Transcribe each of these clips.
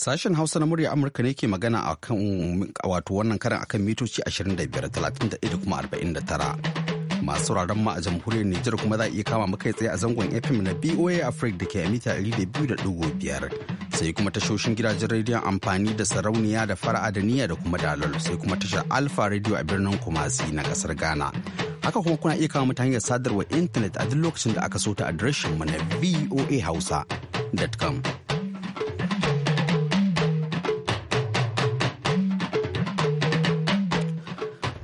Sashen Hausa na murya Amurka ne ke magana a kan wato wannan karan akan mitoci 25, da kuma 49. masu sauraron ma a jamhuriyar Nijar kuma za a iya kama kai tsaye a zangon FM na BOA Africa da ke a mita 200.5 sai kuma tashoshin gidajen rediyon amfani da sarauniya da fara'a da niyya da kuma dalol sai kuma tashar alfa Radio a birnin Kumasi na kasar Ghana. Haka kuma kuna iya kama mu ta hanyar sadarwar intanet a duk lokacin da aka so ta adireshin mu na voahausa.com.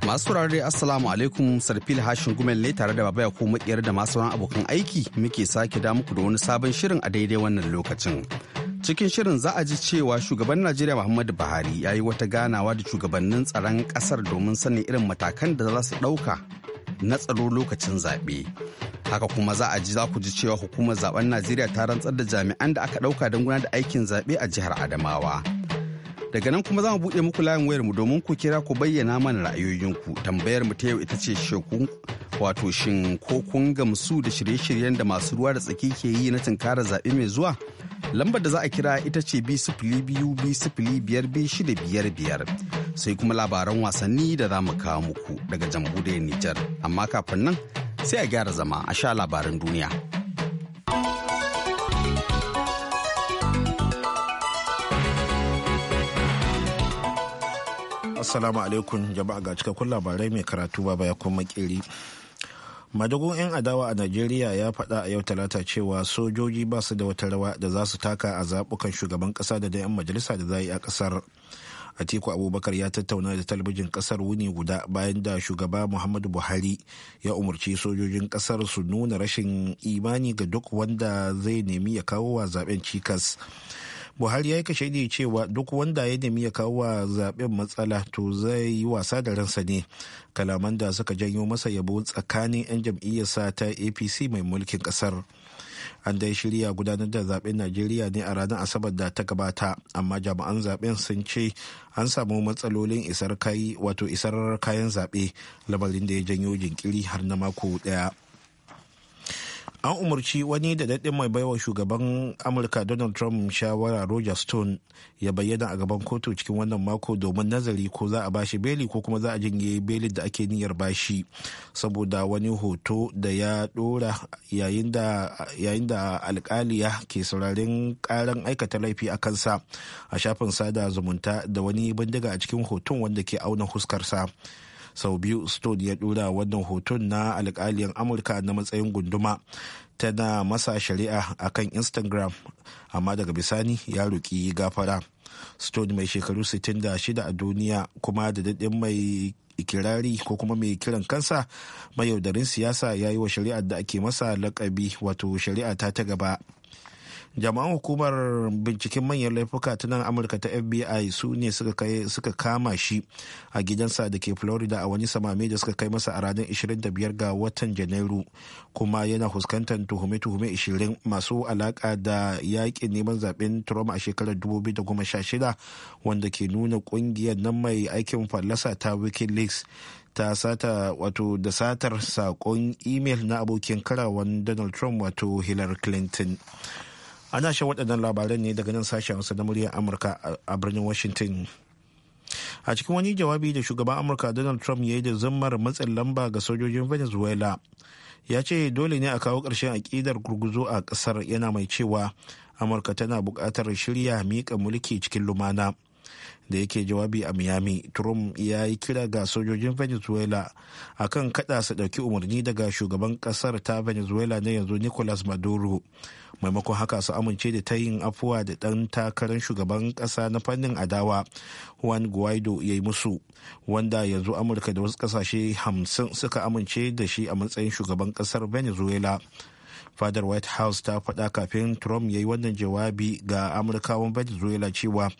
Masu saurare Assalamu alaikum Sarfil Hashin Gumel ne tare da Baba kuma Makiyar da masu sauran abokan aiki muke sake da muku da wani sabon shirin a daidai wannan lokacin. Cikin shirin za a ji cewa shugaban Najeriya Muhammadu Buhari ya yi wata ganawa da shugabannin tsaron kasar domin sanin irin matakan da za su ɗauka na tsaro lokacin zaɓe. Haka kuma za a ji za ku ji cewa hukumar zaben Najeriya ta rantsar da jami'an da aka ɗauka don gudanar da aikin zaɓe a jihar Adamawa. daga nan kuma za mu buɗe muku layin wayar mu domin ku kira ku bayyana mana ra'ayoyinku tambayar mu ta yau ita ce sheku wato shin ko kun gamsu da shirye-shiryen da masu ruwa da tsaki ke yi na tunkarar zaɓe mai zuwa lambar da za a kira ita ce b sifili biyu b sifili biyar b shida biyar biyar sai kuma labaran wasanni da za mu kawo muku daga jamhuriyar nijar amma kafin nan sai a gyara zama a sha labaran duniya. assalamu alaikum jama'a ga cikakkun labarai mai karatu ba ya kuma makiri madugun 'yan adawa a najeriya ya faɗa a yau talata cewa sojoji ba su da wata rawa da za su taka a zaɓukan shugaban ƙasa da da 'yan majalisa da za yi a ƙasar atiku abubakar ya tattauna da talabijin ƙasar wuni guda bayan da shugaba muhammadu buhari ya umarci sojojin ƙasar su nuna rashin imani ga duk wanda zai nemi ya kawo wa zaben cikas buhari ya yi kashe cewa duk wanda ya nemi ya kawo wa zaben matsala to zai yi wasa da ransa ne kalaman da suka janyo masa yabo tsakanin 'yan jam'iyyarsa ta apc mai mulkin kasar an dai shirya gudanar da zaben najeriya ne a ranar asabar da ta gabata amma jami'an zaben sun ce an samu matsalolin isar wato isar kayan zaɓe lamarin da ya janyo jinkiri har na mako daya an umarci wani da daɗin mai baiwa shugaban amurka donald trump shawara roger stone ya bayyana a gaban kotu cikin wannan mako domin nazari ko za a bashi beli ko kuma za a jinye belin da ake niyyar bashi saboda wani hoto da ya ɗora yayin da alkaliya ke sauraren ƙarar aikata laifi a kansa a shafin sada zumunta da wani bindiga a cikin hoton wanda ke auna huskarsa. sau biyu stone ya dura wannan hoton na alkaliyar amurka na matsayin gunduma tana masa shari'a a kan instagram amma daga bisani ya roƙi gafara stone mai shekaru 66 a duniya kuma da daɗin mai ikirari ko kuma mai kiran kansa mayaudarin siyasa ya yi wa shari'ar da ake masa lakabi wato shari'a ta ta gaba jama'an hukumar binciken manyan laifuka ta nan amurka ta fbi su ne suka kama shi a gidansa da ke florida a wani samame da suka kai masa a ranar 25 ga watan janairu kuma yana fuskantar tuhume-tuhume 20 masu alaka da yakin neman zaben trump a shekarar 2016 wanda ke nuna kungiyar nan mai aikin fallasa ta wikileaks ta sata wato da satar saƙon imel na abokin karawan donald trump wato hillary clinton ana shan waɗannan labaran ne daga nan sashen hausa na muryar amurka a birnin washington a cikin wani jawabi da shugaban amurka donald trump ya yi da zammar matsin lamba ga sojojin venezuela ya ce dole ne a kawo ƙarshen aƙidar gurguzo a ƙasar yana mai cewa amurka tana buƙatar shirya miƙa mulki cikin lumana da yake jawabi a miami trump ya yi kira ga sojojin venezuela akan kada su dauki umarni daga shugaban kasar ta venezuela na yanzu nicolas maduro maimakon haka su amince da ta yin afuwa da dan takarar shugaban kasa na fannin adawa juan guaido ya yi musu wanda yanzu amurka da wasu kasashe hamsin suka amince da shi a matsayin shugaban kasar venezuela fadar white house ta faɗa kafin trump ya yi wannan jawabi ga amurkawan venezuela cewa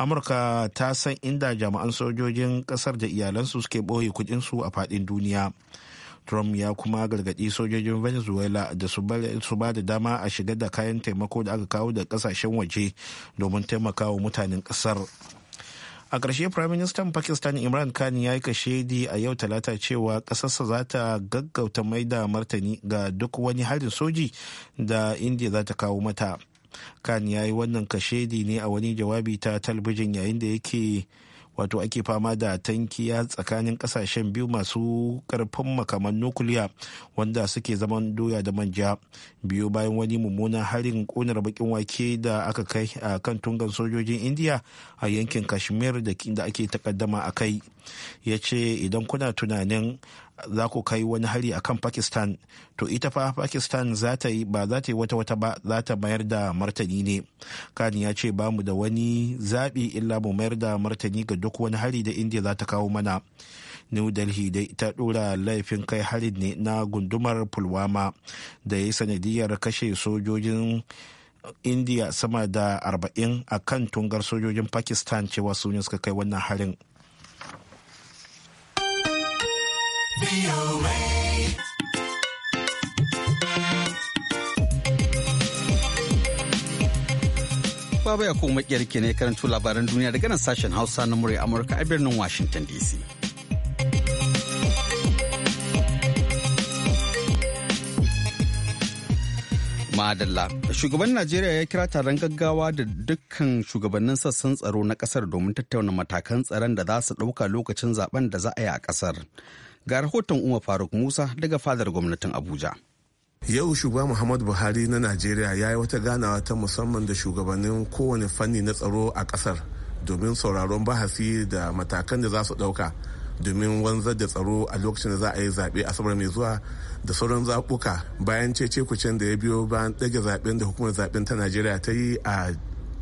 amurka ta san inda jami'an sojojin kasar da iyalansu suke ɓoye kudinsu a faɗin duniya trump ya kuma gargaɗi sojojin venezuela da su ba da dama a shiga da kayan taimako da aka kawo daga kasashen waje domin taimakawa mutanen ƙasar a ƙarshe prime minister pakistan imran khan ya yi kashedi a yau talata cewa ƙasarsa za ta gaggauta mai da martani ga duk wani harin soji da india za ta kawo mata kan ya yi wannan kashedi ne a wani jawabi ta talabijin yayin da yake wato ake fama da tankiya tsakanin kasashen biyu masu karfin makaman nukuliya wanda suke zaman doya da manja biyu bayan wani mummunan harin konar bakin wake da aka kai a kan tungan sojojin indiya a yankin kashmir da ake takaddama a kai ya ce idan kuna tunanin za ku kai wani hari akan pakistan to ita fa pakistan za ta yi ba za ta yi wata wata ba za ta mayar da martani ne kan ya ce ba mu da wani zaɓi illa mu mayar da martani ga duk wani hari da india za ta kawo mana new delhi dai ta ɗora laifin kai harin ne na gundumar pulwama da ya yi sanadiyar kashe sojojin india sama da 40 a kan tungar sojojin pakistan cewa su suka kai wannan harin Baba ya kuma ke ne karanto labaran duniya daga nan sashen Hausa na murya Amurka a birnin Washington DC. Madalla. Shugaban Najeriya ya kira taron gaggawa da dukkan shugabannin sassan tsaro na kasar domin tattauna matakan tsaron da za su ɗauka lokacin zaben da za a yi a kasar. Ga rahoton Umar Faruk Musa daga fadar gwamnatin Abuja. Yau shugaba Muhammadu Buhari na Najeriya ya yi wata ganawa ta musamman da shugabannin kowane fanni na tsaro a kasar domin sauraron bahasi da matakan da za su ɗauka domin wanzar da tsaro a lokacin da za a yi zaɓe asabar mai zuwa da sauran zaɓuka bayan cece kucin da ya biyo bayan ɗage zaɓen da hukumar zaɓen ta Najeriya ta yi a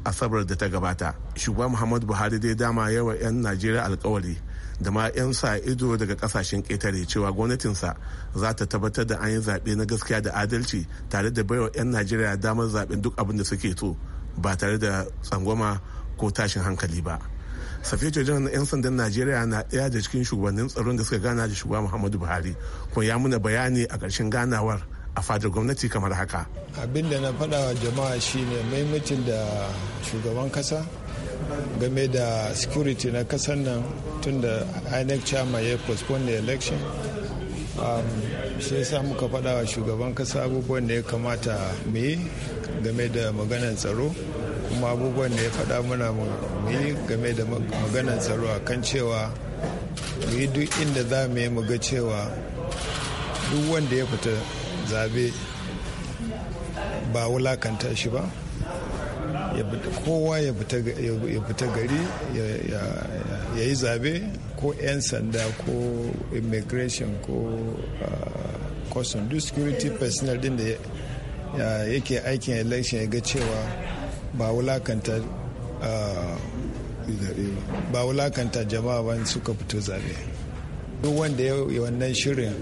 asabar da ta gabata. Shugaba Muhammadu Buhari dai dama yawa 'yan Najeriya alkawari da ma 'yan sa ido daga kasashen ƙetare cewa gwamnatinsa za ta tabbatar da an yi zaɓe na gaskiya da adalci tare da baiwa 'yan najeriya damar zaɓen duk abin da suke so ba tare da tsangwama ko tashin hankali ba safeto janar na 'yan sandan najeriya na ɗaya da cikin shugabannin tsaron da suka gana da shugaba muhammadu buhari kuma ya muna bayani a ƙarshen ganawar a fadar gwamnati kamar haka abin da na faɗa wa jama'a shine maimacin da shugaban kasa game da security na kasar nan tun da inec chairman ya postpone the election um, sai sa muka faɗa wa shugaban kasa abubuwan da ya kamata mu yi game da maganar tsaro kuma abubuwan da ya faɗa muna mu yi game da maganan tsaro a kan cewa mu yi duk inda za mu yi muga cewa duk wanda ya fita zabe ba wulakanta shi ba kowa ya fita gari ya yi zabe ko 'yan sanda ko immigration ko uh, custom duk security personnel din da yake aikin election ya ga cewa ba wulakanta uh, ba wulakanta jama'a ba suka fito zabe duk wanda ya yi wannan shirin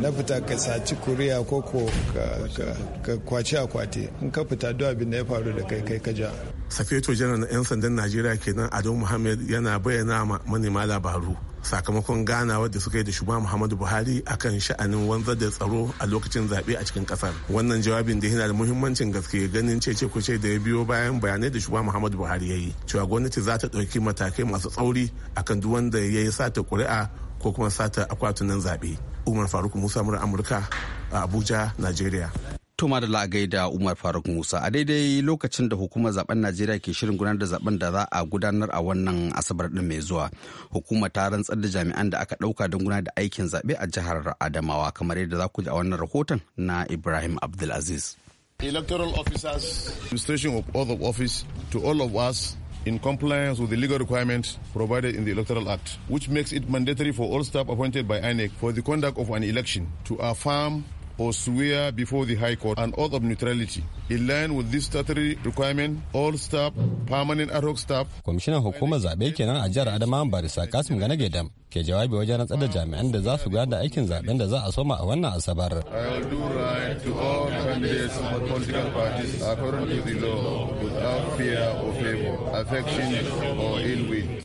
na fita ka saci kuriya ko ko ka a kwate in ka fita duk abin da ya faru da kai kai ka ja safeto janar na 'yan sandan najeriya kenan ado muhammad yana bayyana ma manema labaru sakamakon ganawa da suka yi da shugaban muhammadu buhari akan sha'anin wanzar da tsaro a lokacin zaɓe a cikin ƙasar wannan jawabin da yana da muhimmancin gaske ganin cece kuce da ya biyo bayan bayanai da shugaban muhammadu buhari ya yi cewa gwamnati za ta ɗauki matakai masu tsauri akan duk wanda ya yi sata ƙuri'a ko kuma sata akwatunan zaɓe umar faruk musa mura amurka a abuja nigeria Toma da la'agai da Umar Faruk Musa a daidai lokacin da hukumar zaben Najeriya ke shirin gudanar da zaben da za a gudanar a wannan asabar din mai zuwa. hukuma ta rantsar da jami'an da aka dauka don gudanar da aikin zaɓe a jihar Adamawa kamar yadda za ku ji a wannan rahoton na Ibrahim Abdulaziz. Electoral officers, administration of oath of office to all of us in compliance with the legal requirements provided in the Electoral Act, which makes it mandatory for all staff appointed by INEC for the conduct of an election to affirm or swear before the High Court an oath of neutrality in line with this statutory requirement all staff permanent ad hoc staff kwamishinan hukumar zaɓe kenan a jihar adamawa barisa kasim gana gaidam ke jawabi wajen rantsar da jami'an da za su gudanar da aikin zaben da za a soma a wannan asabar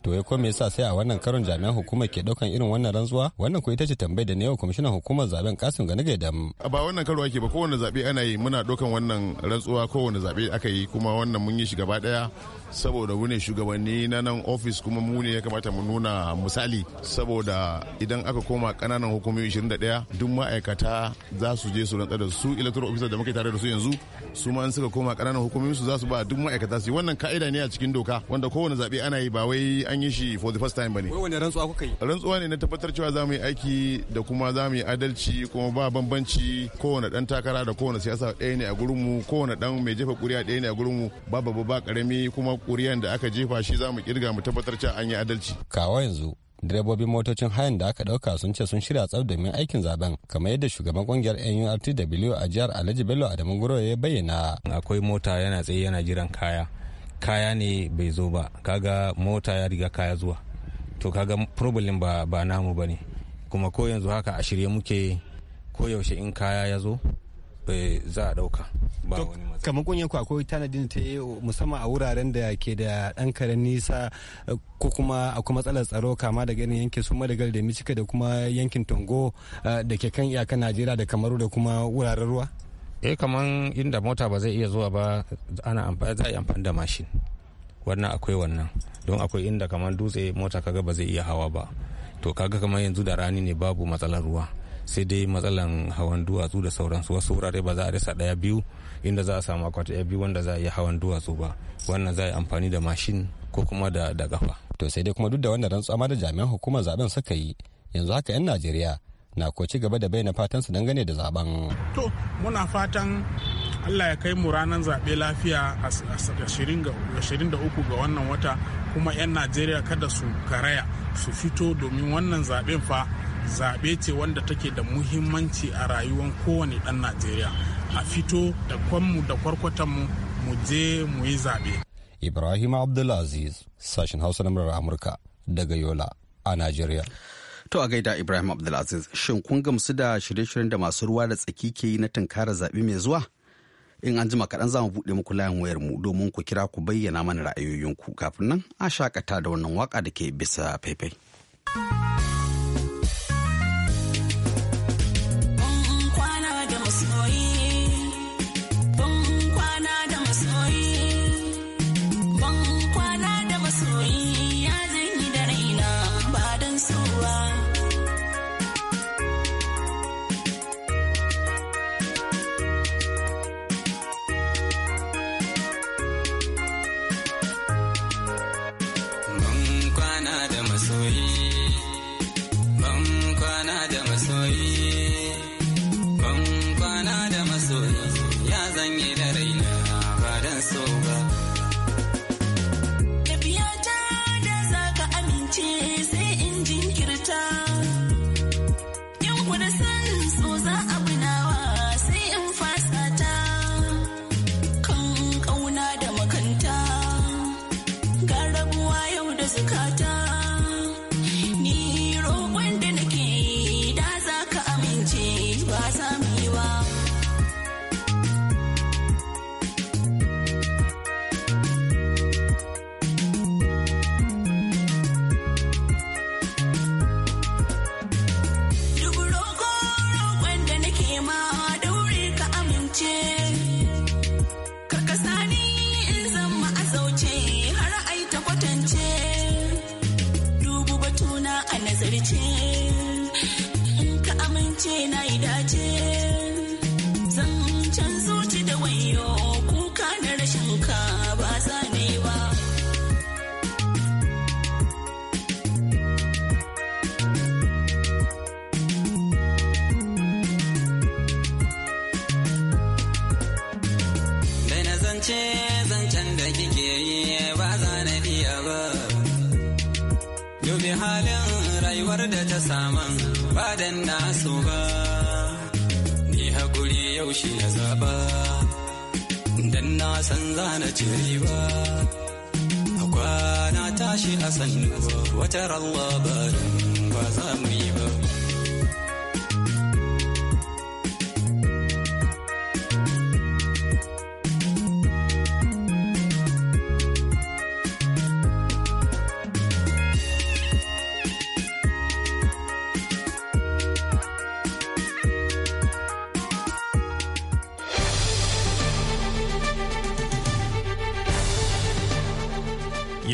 to ya kome sa sai a wannan karon jami'an hukumar ke daukan irin wannan rantsuwa wannan ko ita ce tambayar da ne wa kwamishinan hukumar zaben kasim gana gaidam ba wannan karo ake ba kowane zaɓe ana yi muna daukan wannan rantsuwa kowane zaɓe aka yi kuma wannan mun yi shi gaba ɗaya saboda mu ne shugabanni na nan ofis kuma mu ne ya kamata mu nuna misali saboda idan aka koma kananan hukumomi 21 duk ma'aikata za su je su rantsar da su electoral officer da muke tare da su yanzu su ma suka koma kananan hukumomi su za su ba duk ma'aikata su wannan ka'ida ne a cikin doka wanda kowane zabe ana yi ba wai an yi shi for the first time bane wani rantsuwa kuka yi rantsuwa ne na tabbatar cewa za mu yi aiki da kuma za mu yi adalci kuma ba bambanci kowane dan takara da kowane siyasa ɗaya ne a gurin mu kowane dan mai jefa kuri'a ɗaya ne a gurin mu ba babu ba karami kuma kuriyan da aka jefa shi za mu kirga mu tabbatar cewa an yi adalci kawo yanzu direbobin motocin hayan da aka dauka sun ce sun shirya tsaf domin aikin zaben kamar yadda shugaban kungiyar nurtw a jihar alhaji bello adamu guro ya bayyana akwai mota yana tsaye yana jiran kaya kaya ne bai zo ba kaga mota ya riga kaya zuwa to kaga problem ba ba namu bane kuma ko yanzu haka a shirye muke ko yaushe in kaya ya zo Eh, za a ɗauka ba wani matsayi kamar kungiyar ku akwai tanadin ta yi eh, musamman a wuraren da ke da dan karen nisa eh, ko kuma akwai matsalar tsaro kama da ganin yankin su madagal da michika da kuma yankin tongo da ke kan iyakar najeriya da kamaru da kuma wuraren ruwa eh kamar inda mota ba zai iya zuwa ba ana amfani za a yi amfani da mashin wannan akwai wannan don akwai inda kamar dutse mota kaga ba zai iya hawa ba to kaga kamar yanzu da rani ne babu matsalar ruwa sai dai matsalan hawan duwatsu da sauransu wasu wurare ba za a rasa daya biyu inda za a samu akwati daya biyu wanda za a yi hawan duwatsu ba wannan za a yi amfani da mashin ko kuma da da gafa to sai dai kuma duk da wannan rantsuwa da jami'an hukumar zaben suka yi yanzu haka 'yan najeriya na ko ci gaba da bayyana fatan su dangane da zaben to muna fatan allah ya kai mu ranar zaɓe lafiya a 23 ga wannan wata kuma 'yan najeriya kada su karaya su fito domin wannan zaɓen fa zaɓe ce wanda take da muhimmanci a rayuwar kowane ɗan najeriya a fito da kwanmu da kwarkwatanmu mu je mu yi zaɓe ibrahim abdulaziz sashen hausa na murar amurka daga yola a najeriya To a gaida Ibrahim Abdulaziz, shin kun gamsu da shirye-shiryen da masu ruwa da tsaki ke yi na tunkara zaɓe mai zuwa? In an jima kaɗan za mu buɗe muku layin wayar mu domin ku kira ku bayyana mana ra'ayoyinku kafin nan a shakata da wannan waka da ke bisa faifai. zukata zance zancen da kike yi ba za na iya ba dubi halin rayuwar da ta saman ba dan nasu ba ni hakuri yaushe ya zaba dan na san zana ci riba kwana tashi a sannu wata Allah ba za mu yi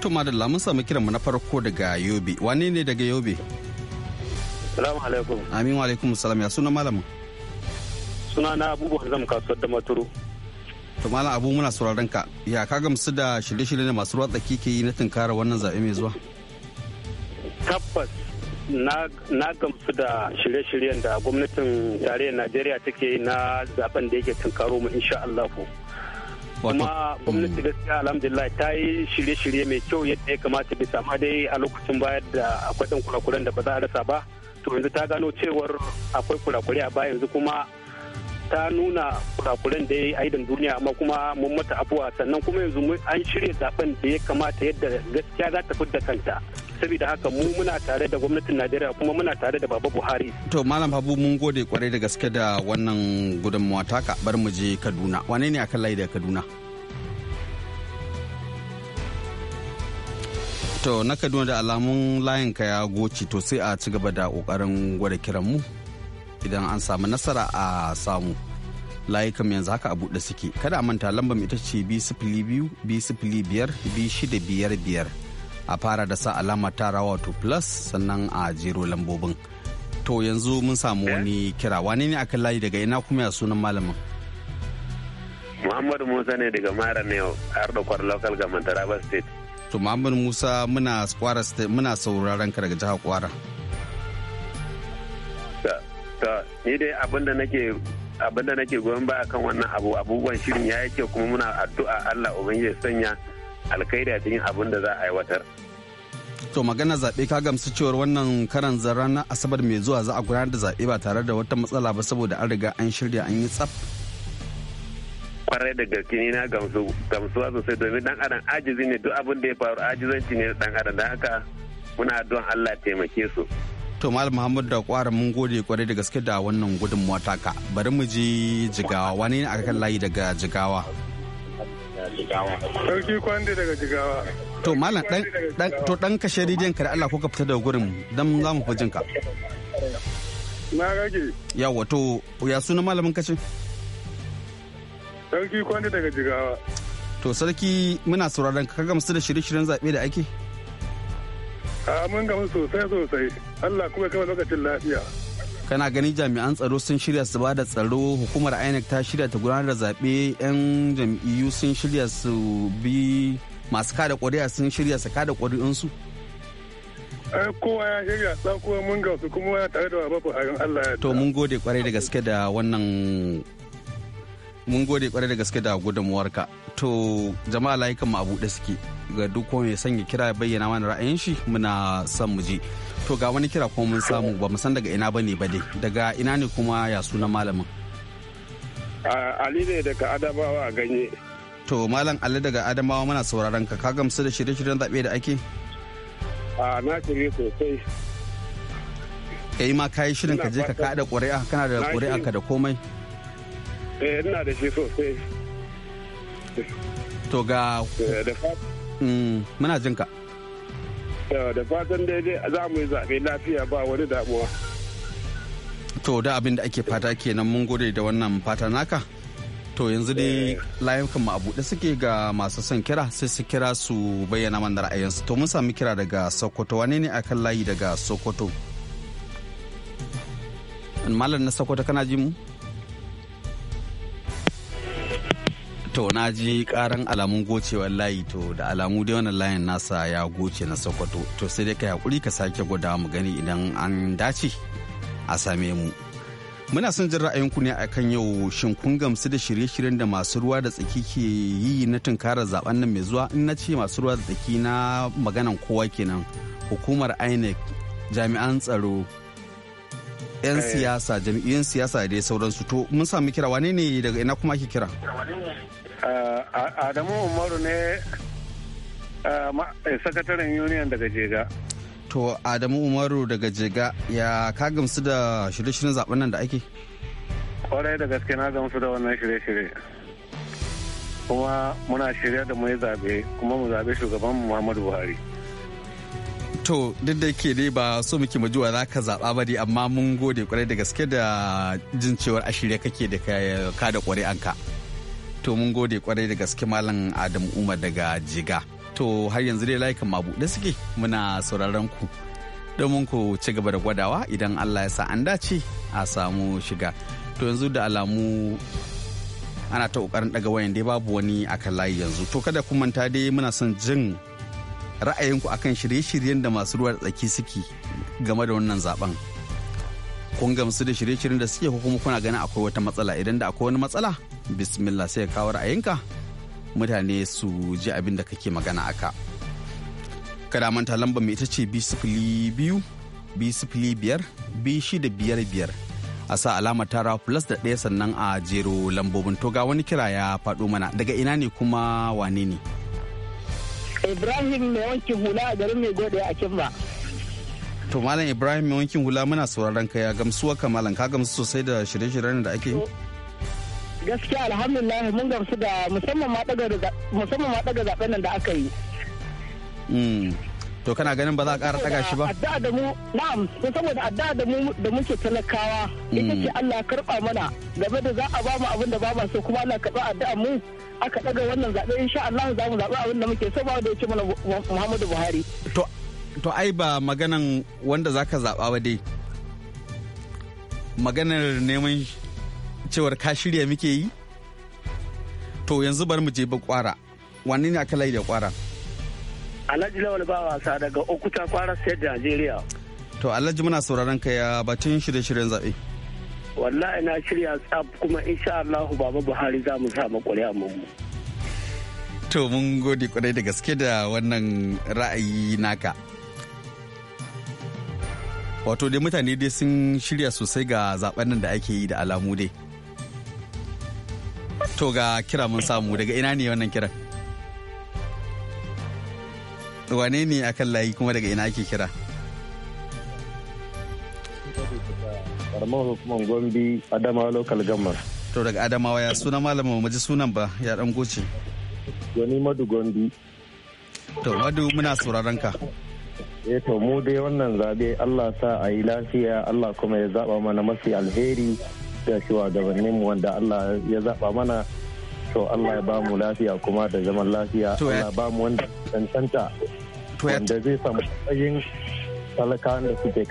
to madalla mun samu kiran mu na farko daga yobe wane ne daga yobe salamu alaikum amin wa alaikum salam ya suna malamin suna na abubuwan zam kasuwar da maturu to malam abu muna sauraron ka ya ka gamsu da shirye-shirye da masu ruwa ke yi na tunkara wannan zaɓe mai zuwa tabbas na gamsu da shirye-shiryen da gwamnatin tarayyar najeriya take na zaben da yake tunkaro mu insha Allah kuma gwamnati um, gaskiya alhamdulillah ta yi shirye-shirye mai kyau yadda ya kamata bisa ma dai a lokacin bayar da akwai ɗan kurakuren da ba za a rasa ba to yanzu ta gano cewar akwai kurakure a ba yanzu kuma ta nuna kurakuren da ya yi aidan duniya amma kuma mun mata abuwa sannan kuma yanzu an shirya zaben da ya kamata yadda gaskiya za ta fidda kanta saboda haka mu muna tare da gwamnatin najeriya kuma muna tare da baba buhari to malam habu mun gode kwarai da gaske da wannan gudunmawa taka bar mu je kaduna wane ne akan layi da kaduna to na kaduna da alamun layin ka ya goci to sai a ci gaba da kokarin gwada kiran mu idan an samu nasara a samu layukan yanzu haka a buɗe suke kada a manta lambar ita ce b biyu b biyar b shida biyar biyar a fara da sa alama ta rawa to plus sannan a jero lambobin to yanzu mun samu eh? wani kira Wani ne akan layi daga ina kuma ya sunan malamin muhammadu musa ne daga mara ne har da kwar local government taraba state to muhammadu musa muna kwara state muna sauraron ka daga jihar kwara to ni dai abinda nake abinda nake goyon ba akan wannan abu abubuwan shirin ya yake kuma muna addu'a Allah ubangiji sanya alkaida ta yin abin da za a aiwatar to magana zaɓe ka gamsu cewar wannan karan ranar asabar mai zuwa za a gudanar da zaɓe ba tare da wata matsala ba saboda an riga an shirya an yi tsaf kwarai da gaske ne na gamsu gamsuwa sosai domin dan adam ajizi ne duk abin da ya faru ajizanci ne dan adam da haka muna don Allah taimake su to malam muhammad da kwara mun gode kwarai da gaske da wannan gudunmuwa taka bari mu je jigawa wani ne kan layi daga jigawa jigawa sarki kwande daga jigawa to malam dan to dan kashe rediyon ka da Allah ko ka fita daga gurin dan za mu fi ka na rage yawa to ya suna malamin kashe sarki kwande daga jigawa to sarki muna sauraron ka gamsu da shirye-shiryen zaɓe da ake a mun gamsu sosai sosai Allah kuma kama lokacin lafiya kana ganin jami'an tsaro sun shirya su bada tsaro hukumar inec ta shirya ta gudanar da zaɓe 'yan jam'iyyu sun shirya su bi masu kada ƙuri'a sun shirya su kada ƙuri'unsu eh, kowa ya shirya tsakuwa mun su kuma ya tare da babu harin allah ya to mun gode kwarai da gaske da wannan mun gode kwarai da gaske da gudunmuwarka to jama'a layukan mu a buɗe suke ga duk wanda ya sanya kira bayyana mana ra'ayin shi muna son mu je to ga wani kira kuma mun samu ba san daga ina bane ba dai daga ina ne kuma ya suna malamin ali ne daga adamawa a ganye to malam ali daga adamawa muna sauraron ka ka gamsu da shirye-shiryen zaɓe da ake a na shirye sosai kai ma kayi shirin ka je ka kada ƙuri'a kana da ƙuri'a ka da komai eh ina da shi sosai to ga eh, mm, muna jin ka da fatan daidai za mu yi zaɓe lafiya ba wani damuwa to da abin da ake fata kenan mun gode da wannan fata naka to yanzu dai eh. layukan mu a buɗe suke ga masu son kira sai su kira su bayyana mana ra'ayinsu to mun sami kira daga sokoto wane ne akan layi daga sokoto malam na sokoto kana ji mu to na ji karan alamun gocewar layi to da alamu dai wannan layin nasa ya goce na sokoto to sai dai yi hakuri ka sake gwada mu gani idan an dace a same mu muna son jin ra'ayinku ne akan yau shin kun gamsu da shirye-shiryen da masu ruwa da tsaki ke yi na tunkarar zaben nan mai zuwa in na ce masu ruwa da tsaki na maganan kowa kenan hukumar inec jami'an tsaro 'yan eh. siyasa jam'iyyun siyasa da sauransu to mun sami kira wane ne daga ina kuma ake kira Eh, Adamu Umaru ne eh, eh, sakataren union daga Jega. To Adamu Umaru daga Jega ya ka gamsu da shirye-shiryen zaben nan da ake? Kwarai da gaske na gamsu da wannan shirye-shirye. Kuma muna shirya da mai zabe kuma mu zabe shugaban Muhammadu Buhari. To duk da ke dai ba so muke majuwa za ka zaɓa ba dai amma mun gode kwarai da gaske da jin cewar a shirye kake da ka da ka. to mun gode kwarai da gaske malam adam umar daga jiga to har yanzu dai layukan mabuɗe suke muna sauraron ku domin ku ci gaba da gwadawa idan allah ya sa an dace a samu shiga to yanzu da alamu ana ta kokarin daga wayan dai babu wani akan layi yanzu to kada ku manta dai muna son jin ra'ayinku akan shirye-shiryen da masu ruwa da tsaki suke game da wannan zaben kun gamsu da shirye-shiryen da suke ko kuma kuna ganin akwai wata matsala idan da akwai wani matsala bismillah sai kawo ra'ayinka mutane su ji abin da kake magana aka kada manta lambar mai ita ce b biyu b sifili biyar b shida biyar biyar a sa alamar tara plus da ɗaya sannan a jero lambobin toga wani kira ya faɗo mana daga ina ne kuma wane ne ibrahim mai wanke hula a garin mai gode a kimba to malam ibrahim mai wankin hula muna sauraron ka ya gamsuwa ka malam ka gamsu sosai da shirye-shiryen da ake gaskiya alhamdulillah mun gamsu da musamman ma daga zaben nan da aka yi hmm. to kana ganin ba za a ƙara daga shi ba addu'a da mu na'am saboda addu'a da mu da muke talakawa ita ce hmm. Allah karba mana game da za a ba mu abin da ba ba so kuma Allah karba addu'a mu aka daga wannan zabe insha Allah za mu zabi abin da muke so ba da yace mana Muhammadu Buhari to to ai ba maganan wanda zaka zaɓa ba dai maganar neman cewar ka shirya muke yi to yanzu bari mu je ba kwara wanne ne aka layi da kwara alhaji lawal ba wasa daga okuta kwara state najeriya to alhaji muna sauraron ka ya batun shirye-shiryen zaɓe wallahi na shirya tsab kuma insha Allah baba buhari za mu samu makwariya mu to mun gode kwarai da gaske da wannan ra'ayi naka wato dai mutane dai sun shirya sosai ga zaben nan da ake yi da alamu dai to ga kira mun samu daga ina ne wannan kiran wane ne akan layi kuma daga ina ake kira karamar hukumar gombi adama local gammar. to daga adamawa ya suna malamin maji sunan ba ya dan goce wani madu gombe to madu muna sauraron ka e to mu dai wannan zabe Allah sa a yi lafiya Allah kuma ya zaba mana mafi alheri da shugabannin mu wanda Allah ya zaba mana to Allah ya ba mu lafiya kuma da zaman lafiya Allah ba mu wanda cancanta wanda zai samu matsayin talakawan da suke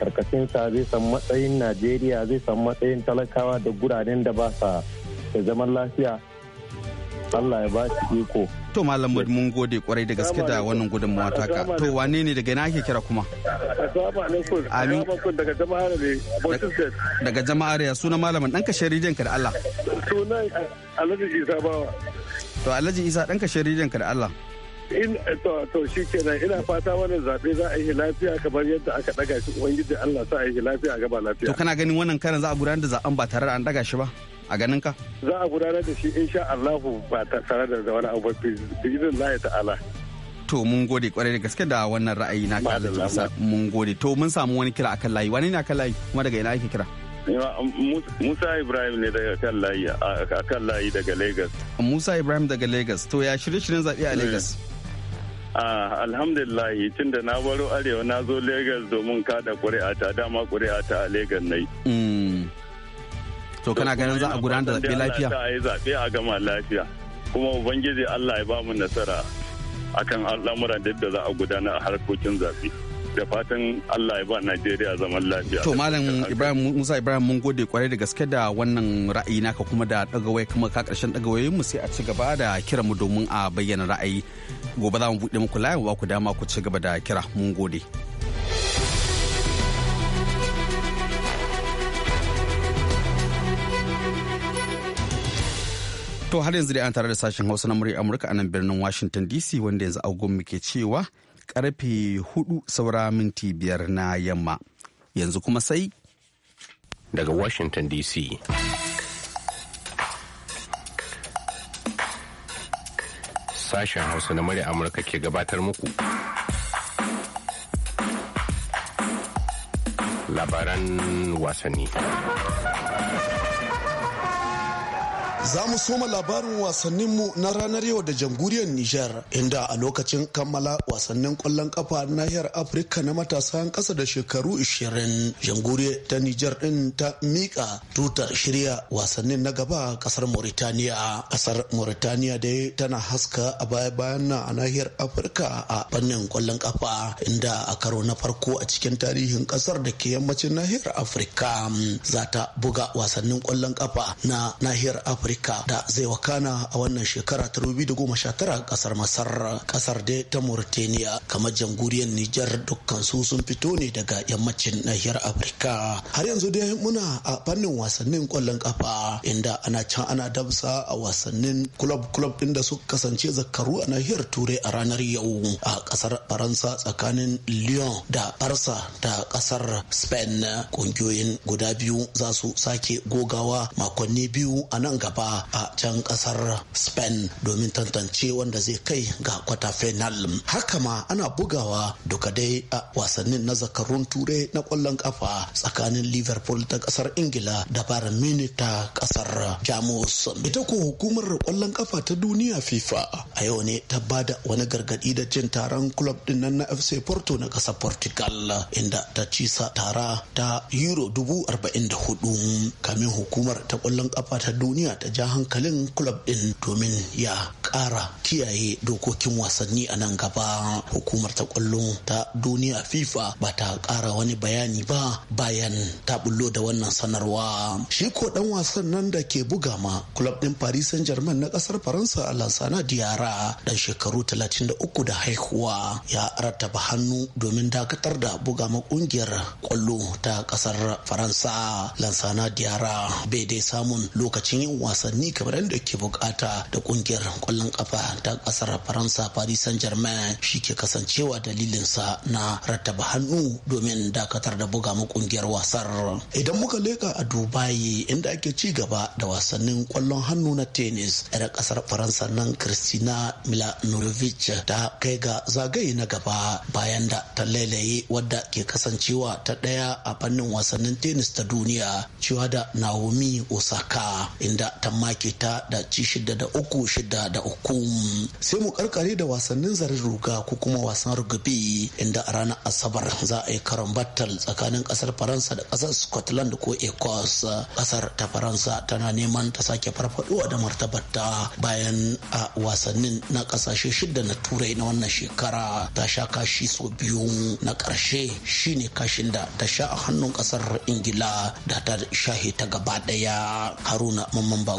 sa zai samu matsayin Najeriya zai samu matsayin talakawa da guranen da ba sa da zaman lafiya Allah ya ba shi iko. To Malam Mud mun gode kwarai da gaske da wannan gudunmawa taka. To wane ne daga ina ake kira kuma? Assalamu alaikum. Amin. Daga jama'ar ne. Daga jama'ar ya suna malamin ɗanka sharijan ka da Allah. Sunan Alhaji Isa Bawa. To Alhaji Isa ɗanka sharijan ka da Allah. in to shi kenan ina fata wannan zaɓe za a yi lafiya kamar yadda aka ɗaga shi ubangiji Allah sa a yi lafiya ba lafiya to kana ganin wannan karan za a gudanar da zaɓen ba tare da an daga shi ba a ganin ka za a gudanar da shi insha Allahu ba tare da wani abu bi idan Allah ta'ala to mun gode kwarai da gaske da wannan ra'ayi na ka mun gode to mun samu wani kira akan layi wani ne akan layi kuma daga ina ake kira um, Musa Ibrahim ne daga kan layi layi daga Lagos. Musa Ibrahim daga Lagos to ya shirye shirin zaɓe a Lagos. Eh. Ah, alhamdulillah tun da na baro arewa na zo Lagos domin kada ƙuri'ata dama ƙuri'ata a Lagos yi. Mm. to kana ganin za a gudanar da zaɓe lafiya a yi zaɓe a gama lafiya kuma ubangiji allah ya ba mu nasara akan al'amuran da za a gudanar a harkokin zaɓe da fatan Allah ya ba Najeriya zaman lafiya. To Malam Ibrahim Musa Ibrahim mun gode kwarai da gaske da wannan ra'ayi naka kuma da daga waya kuma ka karshen daga mu sai a ci gaba da kira mu domin a bayyana ra'ayi. Gobe za mu buɗe muku layin wa ku dama ku ci gaba da kira mun gode. To har yanzu dai an tare da sashen Hausa na murya Amurka a nan birnin Washington DC wanda yanzu agon muke cewa karfe hudu saura minti biyar na yamma. Yanzu kuma sai daga Washington DC. Sashen Hausa na murya Amurka ke gabatar muku. Labaran wasanni. Za mu soma labarin wasanninmu na ranar yau da jamhuriyar Nijar, inda a lokacin kammala wasannin kwallon kafa nahiyar Afirka na matasan ƙasa da shekaru 20, jamhuriyar ta Nijar ɗin ta miƙa tutar shirya wasannin na gaba ƙasar Mauritaniya. Ƙasar Mauritaniya dai tana haska a baya-bayan na a nahiyar Afirka a fannin kwallon kafa, inda a karo na farko a cikin tarihin ƙasar da ke yammacin nahiyar Afirka za ta buga wasannin kwallon kafa na nahiyar Afirka. afirka da zai wakana a wannan shekara ta 2019 kasar masar kasar dai ta mauritania kamar jamhuriyar nijar dukkan su sun fito ne daga yammacin nahiyar afirka har yanzu dai muna a fannin wasannin kwallon kafa inda ana can ana damsa a wasannin club club din da suka kasance zakaru a nahiyar turai a ranar yau a kasar faransa tsakanin lyon da barsa da kasar spain kungiyoyin guda biyu za su sake gogawa makonni biyu a nan gaba kafa a can kasar spain domin tantance wanda zai kai ga kwata final haka ma ana bugawa duka dai a wasannin na zakarun turai na kwallon kafa tsakanin liverpool ta kasar ingila da bayern munich ta kasar jamus ita ko hukumar kwallon kafa ta duniya fifa a yau ne ta ba da wani gargadi da jin taron club din nan na fc porto na kasar portugal inda ta cisa tara ta euro dubu arba'in da hudu kamin hukumar ta kwallon kafa ta duniya ta ja hankalin club din domin ya kara kiyaye dokokin wasanni a nan gaba hukumar ta kwallon ta duniya fifa ba ta kara wani bayani ba bayan ta bullo da wannan sanarwa shi ko dan wasan nan da ke buga ma club din paris saint germain na kasar faransa lansana diara dan shekaru 33 da haihuwa ya rattaba hannu domin dakatar da buga ma kungiyar kwallo ta kasar faransa lansana diara bai dai samun lokacin yin wasa wasanni kamar yadda ke bukata da kungiyar kwallon kafa ta kasar faransa paris saint germain shi ke kasancewa dalilinsa na rattaba hannu domin dakatar da buga mu kungiyar wasar idan muka leka a dubai inda ake ci gaba da wasannin kwallon hannu na tennis yar kasar faransa nan christina milanovic ta kai ga zagaye na gaba bayan da ta lailaye wadda ke kasancewa ta daya a fannin wasannin tennis ta duniya cewa da naomi osaka inda ta ta make ta da ci shida da uku shida da uku sai mu karkare da wasannin zarin ruga ko kuma wasan rugabi inda a ranar asabar za a yi karon battle tsakanin kasar faransa da kasar scotland ko ecos kasar ta faransa tana neman ta sake farfaduwa da martabarta bayan a wasannin na kasashe shida na turai na wannan shekara ta sha kashi so biyu na karshe shine kashin da ta sha a hannun kasar ingila da ta shahe ta gaba daya haruna mamman ba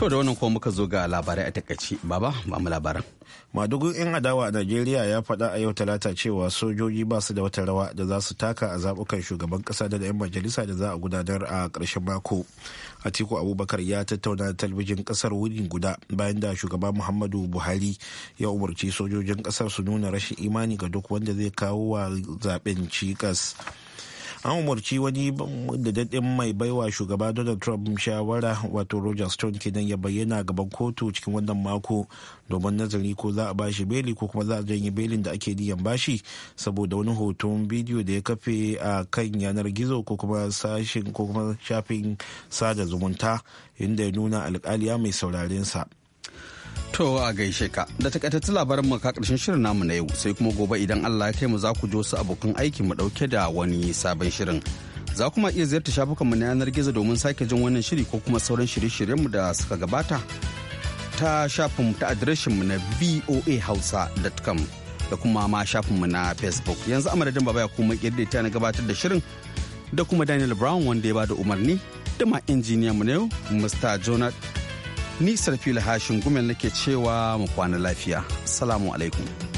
To da wannan kuma muka zo ga labarai a takaici baba ba mu labaran. Madugun 'yan adawa a Najeriya ya faɗa a yau talata cewa sojoji ba su da wata rawa da za su taka a zaɓukan shugaban ƙasa da 'yan majalisa da za a gudanar a ƙarshen mako. Atiku Abubakar ya tattauna da talbijin ƙasar wurin guda bayan da shugaba Muhammadu Buhari ya umarci sojojin ƙasar su nuna rashin imani ga duk wanda zai kawo wa zaɓen cikas. an umarci wani dadadin mai baiwa shugaba donald trump shawara wato roger stone kenan ya bayyana gaban kotu cikin wannan mako domin nazari ko za a bashi beli ko kuma za a janye belin da ake niyan bashi saboda wani hoton bidiyo da ya kafe a kan yanar gizo ko kuma sashin ko kuma shafin sada zumunta inda ya nuna alkaliya mai saurarinsa sa To a gaishe ka da takaitattun labarin mu ka karshen shirin namu na yau sai kuma gobe idan Allah ya kai mu za ku ji wasu abokan aiki mu dauke da wani sabon shirin. Za kuma iya ziyarta mu na yanar gizo domin sake jin wannan shiri ko kuma sauran shirye-shiryenmu da suka gabata ta shafinmu ta mu na voahausa.com da kuma ma mu na Facebook. Yanzu a baba ya kuma ta na gabatar da shirin da kuma Daniel Brown wanda ya bada umarni dama ma mu na yau Mr. Jonathan Ni Sarfila Hashin Gumel nake cewa mu kwana lafiya. Salamu alaikum.